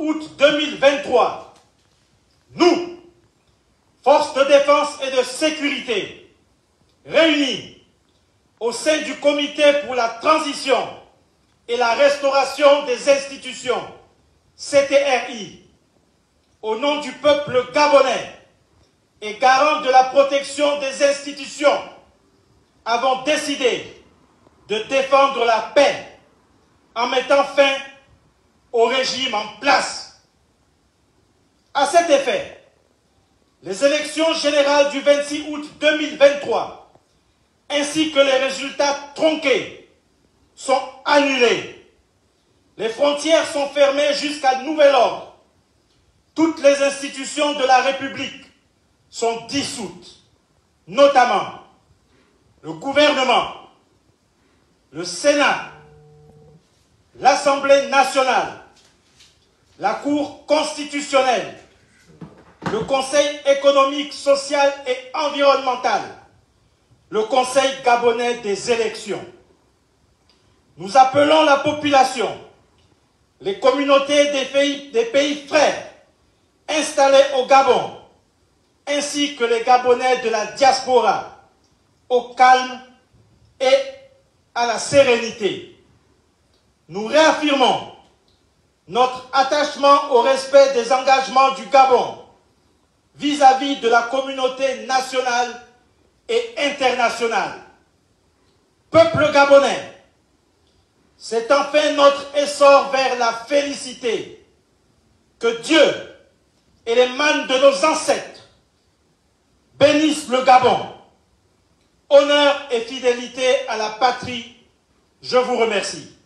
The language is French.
août 2023, nous, forces de défense et de sécurité, réunis au sein du comité pour la transition et la restauration des institutions, CTRI, au nom du peuple gabonais et garant de la protection des institutions, avons décidé de défendre la paix en mettant fin au régime en place. À cet effet, les élections générales du 26 août 2023 ainsi que les résultats tronqués sont annulés. Les frontières sont fermées jusqu'à nouvel ordre. Toutes les institutions de la République sont dissoutes, notamment le gouvernement, le Sénat, l'Assemblée nationale, la Cour constitutionnelle, le Conseil économique, social et environnemental, le Conseil gabonais des élections. Nous appelons la population, les communautés des pays, des frères installés au Gabon, ainsi que les Gabonais de la diaspora, au calme et à la sérénité. Nous réaffirmons notre attachement au respect des engagements du Gabon vis-à-vis de la communauté nationale et internationale. Peuple gabonais, c'est enfin notre essor vers la félicité que Dieu et les mânes de nos ancêtres bénissent le Gabon. Honneur et fidélité à la patrie, je vous remercie.